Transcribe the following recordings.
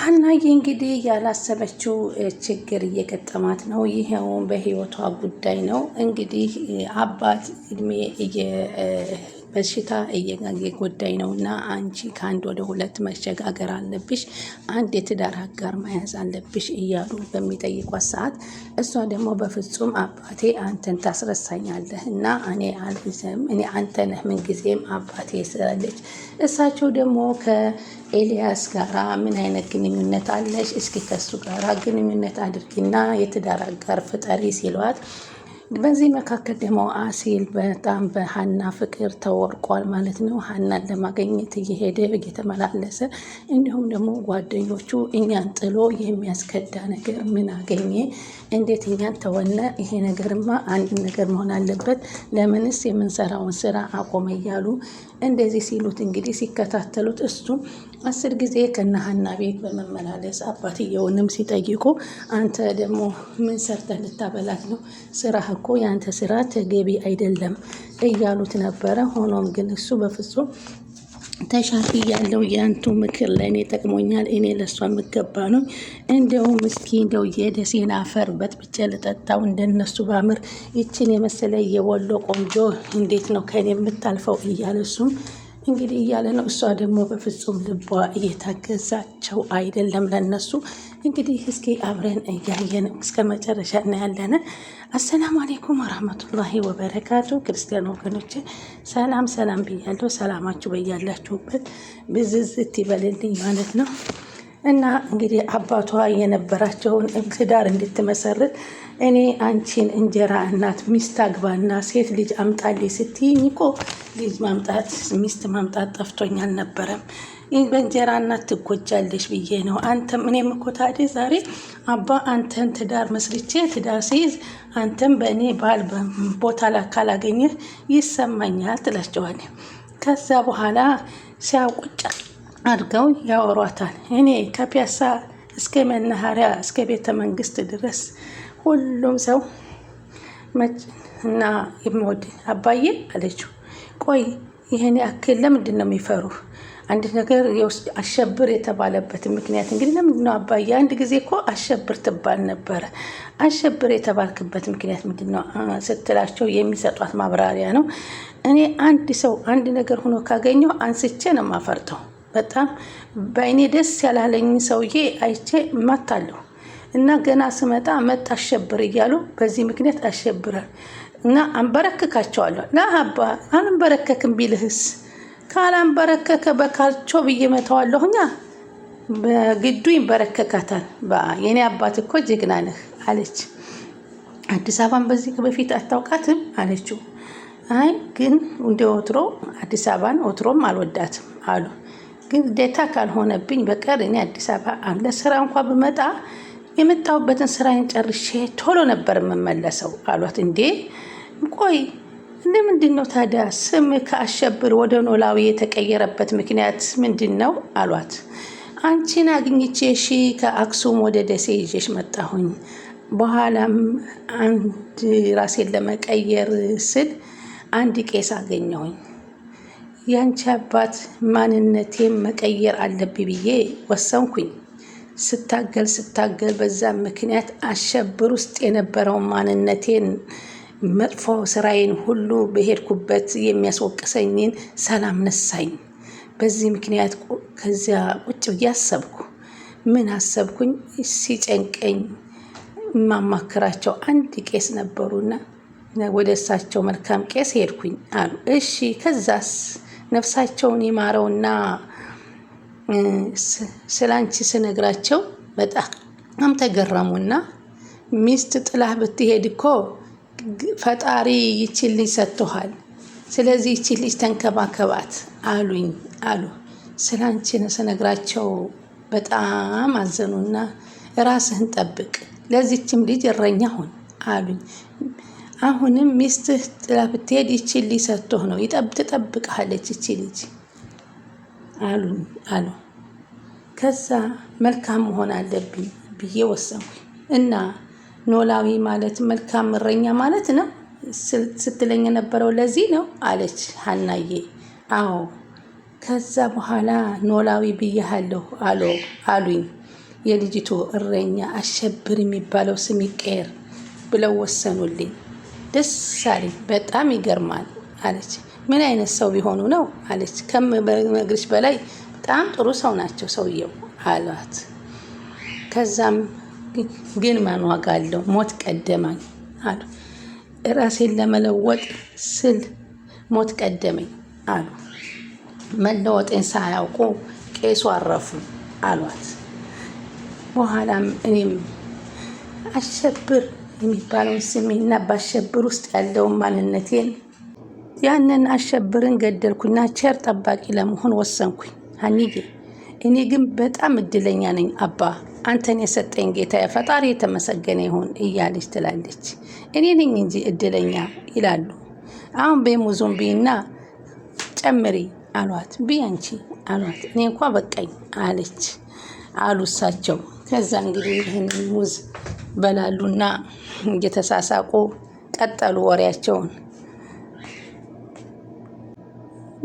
ሀናዬ እንግዲህ ያላሰበችው ችግር እየገጠማት ነው። ይኸውም በህይወቷ ጉዳይ ነው። እንግዲህ አባት እድሜ በሽታ ጉዳይ ነው እና አንቺ ከአንድ ወደ ሁለት መሸጋገር አለብሽ፣ አንድ የትዳር አጋር መያዝ አለብሽ እያሉ በሚጠይቋት ሰዓት እሷ ደግሞ በፍጹም አባቴ አንተን ታስረሳኛለህ እና እኔ አልብስም፣ እኔ አንተ ነህ ምንጊዜም አባቴ ስላለች እሳቸው ደግሞ ከኤልያስ ጋራ ምን አይነት ግንኙነት አለሽ? እስኪ ከሱ ጋራ ግንኙነት አድርጊና የትዳር አጋር ፍጠሪ ሲሏት በዚህ መካከል ደግሞ አሴል በጣም በሀና ፍቅር ተወርቋል ማለት ነው። ሀናን ለማገኘት እየሄደ እየተመላለሰ፣ እንዲሁም ደግሞ ጓደኞቹ እኛን ጥሎ የሚያስከዳ ነገር ምን አገኘ? እንዴት እኛን ተወነ? ይሄ ነገርማ አንድ ነገር መሆን አለበት። ለምንስ የምንሰራውን ስራ አቆመ? እያሉ እንደዚህ ሲሉት እንግዲህ ሲከታተሉት እሱ አስር ጊዜ ከነሀና ቤት በመመላለስ አባትየውንም ሲጠይቁ አንተ ደግሞ ምን ሰርተህ ልታበላት ነው? ስራህ እኮ የአንተ ስራ ተገቢ አይደለም እያሉት ነበረ። ሆኖም ግን እሱ በፍጹም ተሻፊ ያለው የአንቱ ምክር ለእኔ ጠቅሞኛል። እኔ ለእሷ የምገባ ነው። እንደውም እስኪ እንደው የደሴን አፈር በጥብጬ ልጠጣው እንደነሱ ባምር ይችን የመሰለ የወሎ ቆንጆ እንዴት ነው ከእኔ የምታልፈው? እያለ እሱም እንግዲህ እያለ ነው። እሷ ደግሞ በፍጹም ልቧ እየታገዛቸው አይደለም ለነሱ። እንግዲህ እስኪ አብረን እያየን እስከ መጨረሻ እናያለን። አሰላሙ አሌይኩም ወራህመቱላሂ ወበረካቱ። ክርስቲያን ወገኖች ሰላም ሰላም ብያለሁ። ሰላማችሁ በያላችሁበት ብዝዝት ይበልልኝ ማለት ነው። እና እንግዲህ አባቷ የነበራቸውን ትዳር እንድትመሰርት እኔ አንቺን እንጀራ እናት ሚስት አግባና ሴት ልጅ አምጣልኝ ስትይኝ እኮ ልጅ ማምጣት ሚስት ማምጣት ጠፍቶኝ አልነበረም። በእንጀራ እናት ትጎጃለሽ ብዬ ነው። አንተም እኔም እኮ ታዲያ ዛሬ አባ አንተን ትዳር መስርቼ ትዳር ሲይዝ አንተም በእኔ ባል ቦታ ካላገኘህ ይሰማኛል ትላቸዋል። ከዛ በኋላ ሲያውቁጫል አድርገው ያወሯታል። እኔ ከፒያሳ እስከ መናኸሪያ እስከ ቤተ መንግስት ድረስ ሁሉም ሰው እና የምወድ አባዬ አለችው። ቆይ ይህን ያክል ለምንድን ነው የሚፈሩ? አንድ ነገር አሸብር የተባለበት ምክንያት እንግዲህ ለምንድን ነው አባዬ? አንድ ጊዜ እኮ አሸብር ትባል ነበረ። አሸብር የተባልክበት ምክንያት ምንድን ነው ስትላቸው የሚሰጧት ማብራሪያ ነው። እኔ አንድ ሰው አንድ ነገር ሆኖ ካገኘው አንስቼ ነው የማፈርጠው በጣም በአይኔ ደስ ያላለኝ ሰውዬ አይቼ መታለሁ እና ገና ስመጣ መጥ አሸብር እያሉ በዚህ ምክንያት አሸብራል እና ና አባ አንበረከክም ቢልህስ? ካላንበረከከ በካልቾ ብዬ ኛ በግዱ ይንበረከካታል። የኔ አባት እኮ ጀግና ነህ አለች። አዲስ አበባን በዚህ በፊት አታውቃትም አለችው። አይ ግን እንደ ወትሮ አዲስ አበባን ወትሮም አልወዳትም አሉ። ግዴታ ካልሆነብኝ በቀር እኔ አዲስ አበባ ለስራ እንኳ ብመጣ የመጣሁበትን ስራዬን ጨርሼ ቶሎ ነበር የምመለሰው አሏት። እንዴ ቆይ ለምንድን ነው ታዲያ ስም ከአሸብር ወደ ኖላዊ የተቀየረበት ምክንያት ምንድን ነው አሏት። አንቺን አግኝቼ ሺ ከአክሱም ወደ ደሴ ይዤሽ መጣሁኝ። በኋላም አንድ ራሴን ለመቀየር ስል አንድ ቄስ አገኘሁኝ። ያንቺ አባት ማንነቴን መቀየር አለብኝ ብዬ ወሰንኩኝ። ስታገል ስታገል በዛ ምክንያት አሸብር ውስጥ የነበረው ማንነቴን መጥፎ ስራዬን ሁሉ በሄድኩበት የሚያስወቅሰኝን ሰላም ነሳኝ። በዚህ ምክንያት ከዚያ ቁጭ ብዬ አሰብኩ። ምን አሰብኩኝ? ሲጨንቀኝ የማማክራቸው አንድ ቄስ ነበሩና ወደ እሳቸው መልካም ቄስ ሄድኩኝ አሉ። እሺ ከዛስ ነፍሳቸውን ይማረውና ስላንቺ ስነግራቸው በጣም ተገረሙና ሚስት ጥላህ ብትሄድ እኮ ፈጣሪ ይችል ልጅ ሰጥቶሃል፣ ስለዚህ ይችል ልጅ ተንከባከባት አሉኝ አሉ። ስላንቺ ስነግራቸው በጣም አዘኑና ራስህን ጠብቅ፣ ለዚችም ልጅ እረኛ ሁን አሉኝ። አሁንም ሚስትህ ጥላ ብትሄድ ይቺ ልጅ ሰጥቶህ ነው ትጠብቅሃለች ይቺ ልጅ አሉ አሉ። ከዛ መልካም መሆን አለብኝ ብዬ ወሰንኩኝ እና ኖላዊ ማለት መልካም እረኛ ማለት ነው ስትለኝ የነበረው ለዚህ ነው አለች ሀናዬ። አዎ ከዛ በኋላ ኖላዊ ብያሃለሁ አሎ አሉኝ። የልጅቱ እረኛ አሸብር የሚባለው ስም ይቀየር ብለው ወሰኑልኝ። ደስ አለኝ፣ በጣም ይገርማል አለች። ምን አይነት ሰው ቢሆኑ ነው አለች። ከምነግርሽ በላይ በጣም ጥሩ ሰው ናቸው ሰውየው አሏት። ከዛም ግን ማን ዋጋ አለው ሞት ቀደማኝ አሉ። ራሴን ለመለወጥ ስል ሞት ቀደመኝ አሉ። መለወጤን ሳያውቁ ቄሱ አረፉ አሏት። በኋላም እኔም አሸብር የሚባለውን ስሜና ባሸብር ውስጥ ያለውን ማንነቴን ያንን አሸብርን ገደልኩና ቸር ጠባቂ ለመሆን ወሰንኩኝ። ሀኒዬ እኔ ግን በጣም እድለኛ ነኝ አባ፣ አንተን የሰጠኝ ጌታ ፈጣሪ የተመሰገነ ይሁን እያለች ትላለች። እኔ ነኝ እንጂ እድለኛ ይላሉ። አሁን በሙዞን ቢና ጨምሪ አሏት። ቢያንቺ አሏት። እኔ እንኳ በቃኝ አለች አሉ እሳቸው። ከዛ እንግዲህ ይህን ሙዝ በላሉና እየተሳሳቁ ቀጠሉ ወሬያቸውን።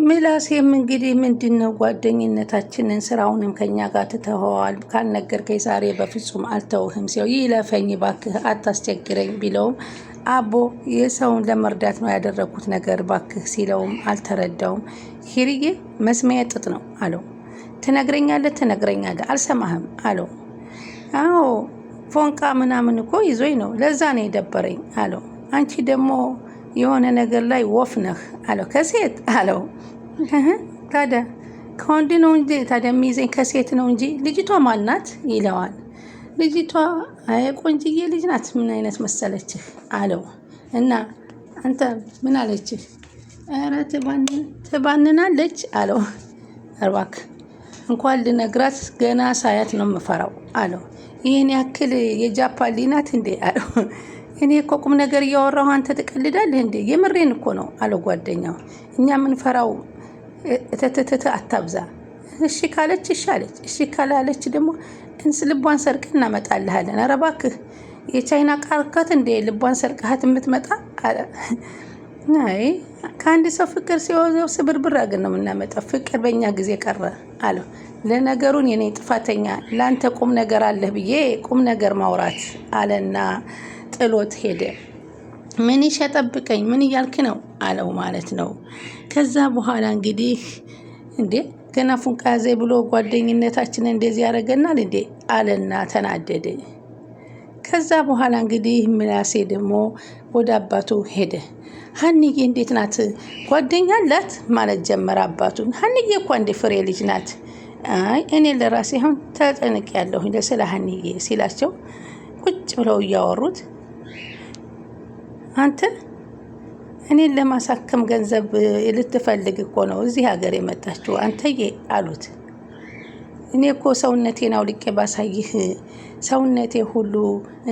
ምላሴም እንግዲህ ምንድን ነው ጓደኝነታችንን ስራውንም ከኛ ጋር ትተኸዋል፣ ካልነገርከኝ ዛሬ በፍጹም አልተውህም ሲለው ይለፈኝ ባክህ አታስቸግረኝ ቢለውም አቦ የሰውን ለመርዳት ነው ያደረግኩት ነገር ባክህ ሲለውም አልተረዳውም። ሂርዬ መስሚያ ጥጥ ነው አለው። ትነግረኛለህ ትነግረኛለህ አልሰማህም አለው። አዎ ፎንቃ ምናምን እኮ ይዞኝ ነው፣ ለዛ ነው የደበረኝ አለው። አንቺ ደግሞ የሆነ ነገር ላይ ወፍ ነህ አለው። ከሴት አለው። ታዲያ ከወንድ ነው እንጂ ታዲያ የሚይዘኝ ከሴት ነው እንጂ ልጅቷ ማናት ይለዋል። ልጅቷ ቆንጅዬ ልጅ ናት፣ ምን አይነት መሰለችህ አለው። እና አንተ ምን አለችህ? ኧረ ትባንናለች አለው። እባክህ እንኳን ልነግራት ገና ሳያት ነው የምፈራው አለው። ይህን ያክል የጃፓን ሊናት እንዴ? እኔ እኮ ቁም ነገር እያወራሁ አንተ ትቀልዳለህ እንዴ? የምሬን እኮ ነው አለ ጓደኛው። እኛ ምንፈራው እተተተተ አታብዛ። እሺ ካለች ይሻለች፣ እሺ ካላለች ደግሞ እንስ ልቧን ሰርቅ እናመጣልሃለን። ኧረ እባክህ የቻይና ቃርካት እንዴ ልቧን ሰርቀሃት የምትመጣ አይ ከአንድ ሰው ፍቅር ሲሆዘው ስብርብር አግን ነው የምናመጣው። ፍቅር በእኛ ጊዜ ቀረ አለው። ለነገሩን የኔ ጥፋተኛ ለአንተ ቁም ነገር አለህ ብዬ ቁም ነገር ማውራት አለና ጥሎት ሄደ። ምን ይሸጠብቀኝ ምን እያልክ ነው አለው ማለት ነው። ከዛ በኋላ እንግዲህ እንዴ ገና ፉንቃዜ ብሎ ጓደኝነታችን እንደዚህ ያደረገናል እንዴ አለና ተናደደ። ከዛ በኋላ እንግዲህ ምናሴ ደግሞ ወደ አባቱ ሄደ። ሀንዬ እንዴት ናት? ጓደኛ አላት ማለት ጀመረ አባቱ። ሀንዬ እኮ እንዴ ፍሬ ልጅ ናት። አይ እኔ ለራሴ አሁን ተጨንቅ ያለሁ ስለ ሀንዬ ሲላቸው ቁጭ ብለው እያወሩት አንተ እኔን ለማሳከም ገንዘብ ልትፈልግ እኮ ነው እዚህ ሀገር የመጣችው አንተዬ አሉት። እኔ እኮ ሰውነቴን አውልቄ ባሳይህ ሰውነቴ ሁሉ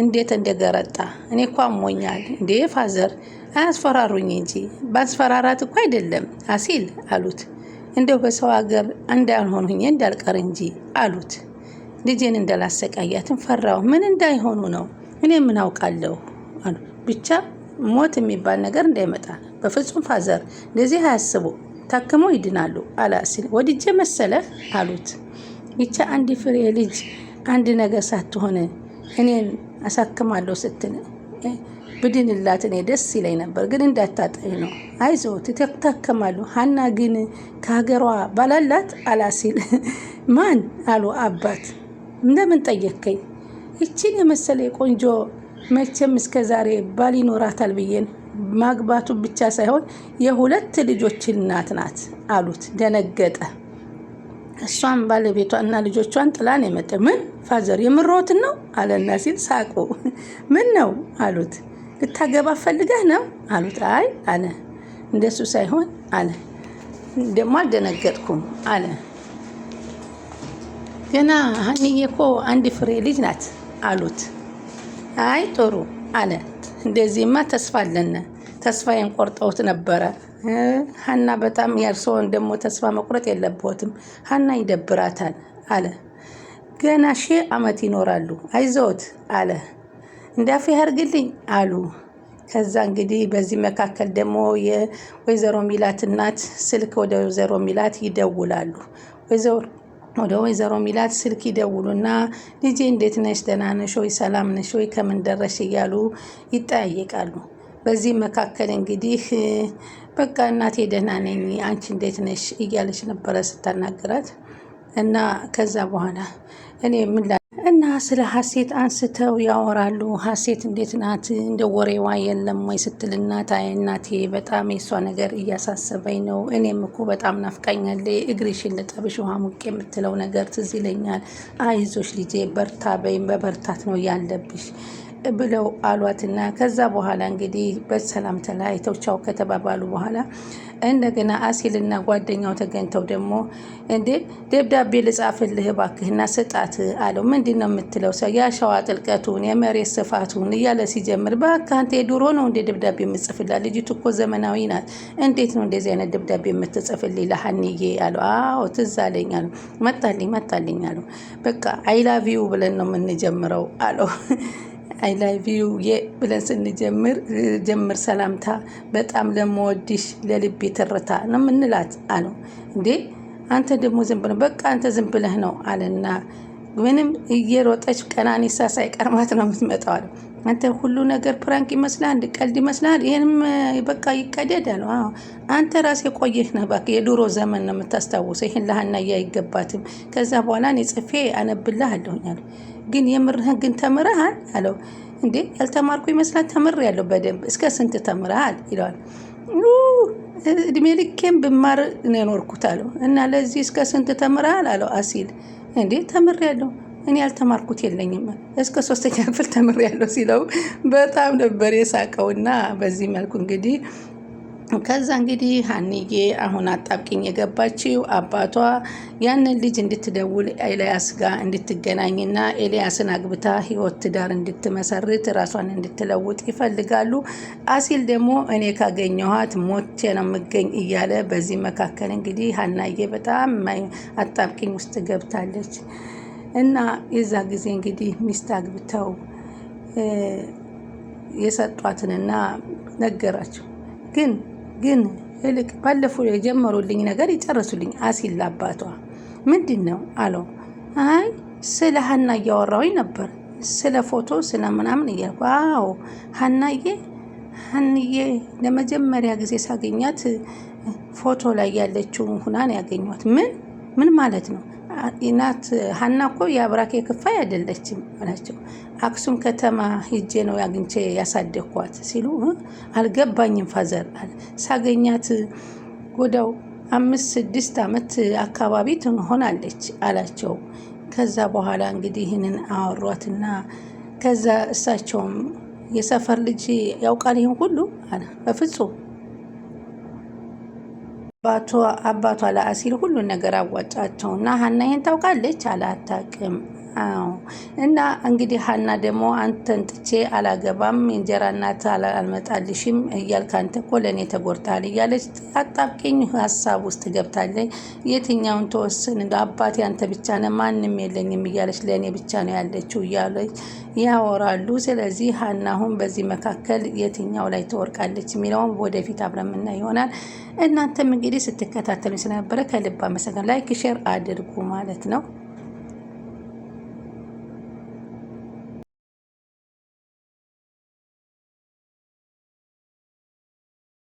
እንዴት እንደገረጣ። እኔ እኮ አሞኛል እንዴ ፋዘር፣ አያስፈራሩኝ እንጂ በአስፈራራት እኮ አይደለም አሲል አሉት። እንደው በሰው ሀገር እንዳልሆኑኝ እንዳልቀር እንጂ አሉት። ልጄን እንዳላሰቃያትን ፈራው። ምን እንዳይሆኑ ነው እኔ ምን አውቃለሁ አሉ። ብቻ ሞት የሚባል ነገር እንዳይመጣ በፍጹም ፋዘር፣ እንደዚህ አያስቡ፣ ታክመው ይድናሉ አለ አሲል። ወድጄ መሰለህ አሉት። ይቻ አንድ ፍሬ ልጅ አንድ ነገር ሳትሆን እኔን አሳክማለሁ ስትል ብድንላት እኔ ደስ ይለኝ ነበር፣ ግን እንዳታጠኝ ነው። አይዞ ትታከማሉ። ሀና ግን ከሀገሯ ባላላት አላሲል ማን አሉ አባት እንደምን ጠየከኝ? ይችን የመሰለ ቆንጆ መቼም እስከ ዛሬ ባል ይኖራታል ብዬን ማግባቱ ብቻ ሳይሆን የሁለት ልጆች እናት ናት አሉት። ደነገጠ። እሷም ባለቤቷ እና ልጆቿን ጥላን የመጠ ምን ፋዘር የምሮትን ነው አለና ሲል ሳቁ። ምን ነው አሉት። ልታገባ ፈልገህ ነው አሉት። አይ አለ እንደሱ ሳይሆን አለ። ደግሞ አልደነገጥኩም አለ። ገና ሀኒዬ እኮ አንድ ፍሬ ልጅ ናት አሉት። አይ ጥሩ አለ። እንደዚህማ ተስፋ አለን። ተስፋዬን ቆርጠውት ነበረ ሀና በጣም የእርስዎን ደግሞ ተስፋ መቁረጥ የለብዎትም፣ ሀና ይደብራታል አለ። ገና ሺህ ዓመት ይኖራሉ፣ አይዞት አለ። እንዳፍ ያርግልኝ አሉ። ከዛ እንግዲህ በዚህ መካከል ደግሞ የወይዘሮ ሚላት እናት ስልክ ወደ ወይዘሮ ሚላት ይደውላሉ። ወደ ወይዘሮ ሚላት ስልክ ይደውሉና ልጄ እንዴት ነሽ? ደህና ነሽ ወይ? ሰላም ነሽ ወይ? ከምን ደረሽ? እያሉ ይጠያየቃሉ። በዚህ መካከል እንግዲህ በቃ እናቴ ደህና ነኝ፣ አንቺ እንዴት ነሽ እያለች ነበረ ስታናግራት እና ከዛ በኋላ እኔ ምን እና ስለ ሀሴት አንስተው ያወራሉ። ሀሴት እንዴት ናት? እንደ ወሬዋ የለም ወይ ስትል እናት አይ እናቴ በጣም የእሷ ነገር እያሳሰበኝ ነው። እኔም እኮ በጣም ናፍቃኛለ። እግርሽን ልጠብሽ ውሃ ሙቅ የምትለው ነገር ትዝ ይለኛል። አይዞሽ ልጄ በርታ በይም፣ በበርታት ነው ያለብሽ ብለው አሏትና ከዛ በኋላ እንግዲህ በሰላም ተለያይተው ቻው ከተባባሉ በኋላ እንደገና አሲልና ጓደኛው ተገኝተው ደግሞ እንዴ ደብዳቤ ልጻፍልህ እባክህና ስጣት አለው። ምንድን ነው የምትለው? ሰው የአሸዋ ጥልቀቱን የመሬት ስፋቱን እያለ ሲጀምር እባክህ አንተ የድሮ ነው እንደ ደብዳቤ የምጽፍላት ልጅቱ እኮ ዘመናዊ ናት። እንዴት ነው እንደዚህ አይነት ደብዳቤ የምትጽፍልኝ ለሀንዬ አለው። አዎ ትዝ አለኝ አለው። መጣልኝ መጣልኝ አለው። በቃ አይላቪው ብለን ነው የምንጀምረው አለው። አይ ላቭ ዩ ብለን ስንጀምር ጀምር ሰላምታ በጣም ለመወድሽ ለልቤ ትርታ ነው ምንላት አለው። እንዴ አንተ ደግሞ ዝም ብለህ በቃ አንተ ዝም ብለህ ነው አለና ምንም እየሮጠች ቀናኒሳ ሳይቀርማት ነው የምትመጣው አለው። አንተ ሁሉ ነገር ፕራንክ ይመስላል፣ ቀልድ ይመስላል። ይህንም በቃ ይቀደድ አለው። አንተ ራስ የቆየህ ነህ፣ እባክህ የድሮ ዘመን ነው የምታስታውሰው። ይህን ለሀናዬ አይገባትም። ከዛ በኋላ እኔ ጽፌ አነብልህ አለሁኝ አለው። ግን የምርህን ግን ተምረሃል አለው። እንዴ ያልተማርኩ ይመስላል ተምር ያለው በደንብ እስከ ስንት ተምረሃል ይለዋል። እድሜ ልኬም ብማር ነው የኖርኩት አለው። እና ለዚህ እስከ ስንት ተምረሃል አለው አሲል። እንዴ ያለው? እኔ ያልተማርኩት የለኝም እስከ ሶስተኛ ክፍል ያለው ሲለው በጣም ነበር የሳቀውና በዚህ መልኩ እንግዲህ ከዛ እንግዲህ ሀንዬ አሁን አጣብቂኝ የገባችው አባቷ ያንን ልጅ እንድትደውል ኤልያስ ጋር እንድትገናኝና ኤልያስን አግብታ ህይወት ትዳር እንድትመሰርት ራሷን እንድትለውጥ ይፈልጋሉ። አሲል ደግሞ እኔ ካገኘኋት ሞቴ ነው የምገኝ እያለ በዚህ መካከል እንግዲህ ሀናዬ በጣም አጣብቂኝ ውስጥ ገብታለች እና የዛ ጊዜ እንግዲህ ሚስት አግብተው የሰጧትንና ነገራቸው ግን ግን እልቅ ባለፉ የጀመሩልኝ ነገር ይጨርሱልኝ አሲል አባቷ ምንድን ነው አለው። አይ ስለ ሀና እያወራሁኝ ነበር ስለ ፎቶ ስለ ምናምን እያልኩ። አዎ ሀናዬ ሀንዬ ለመጀመሪያ ጊዜ ሳገኛት ፎቶ ላይ ያለችው ሁናን ያገኟት። ምን ምን ማለት ነው? እናት ሀና እኮ የአብራኬ ክፋይ አይደለችም አላቸው። አክሱም ከተማ ሂጄ ነው አግኝቼ ያሳደግኳት ሲሉ አልገባኝም ፋዘር ሳገኛት ወዲያው አምስት ስድስት ዓመት አካባቢ ትሆናለች አላቸው። ከዛ በኋላ እንግዲህ ይህንን አወሯትና ከዛ እሳቸውም የሰፈር ልጅ ያውቃል ይህን ሁሉ በፍጹም አባቷ ለአሲር ሁሉን ነገር አዋጫቸውና ሀና ይሄን ታውቃለች አላታቅም አዎ እና እንግዲህ ሀና ደግሞ አንተን ጥቼ አላገባም እንጀራ እናት አልመጣልሽም እያልክ አንተ እኮ ለእኔ ተጎድተሃል እያለች አጣብቂኝ ሀሳብ ውስጥ ገብታለች። የትኛውን ተወስን እንደ አባቴ አንተ ብቻ ነህ ማንም የለኝም እያለች ለእኔ ብቻ ነው ያለችው እያለች ያወራሉ። ስለዚህ ሀና አሁን በዚህ መካከል የትኛው ላይ ትወርቃለች የሚለውን ወደፊት አብረን የምናይ ይሆናል። እናንተም እንግዲህ ስትከታተሉኝ ስለነበረ ከልብ አመሰግናለሁ። ላይክ ሼር አድርጉ ማለት ነው።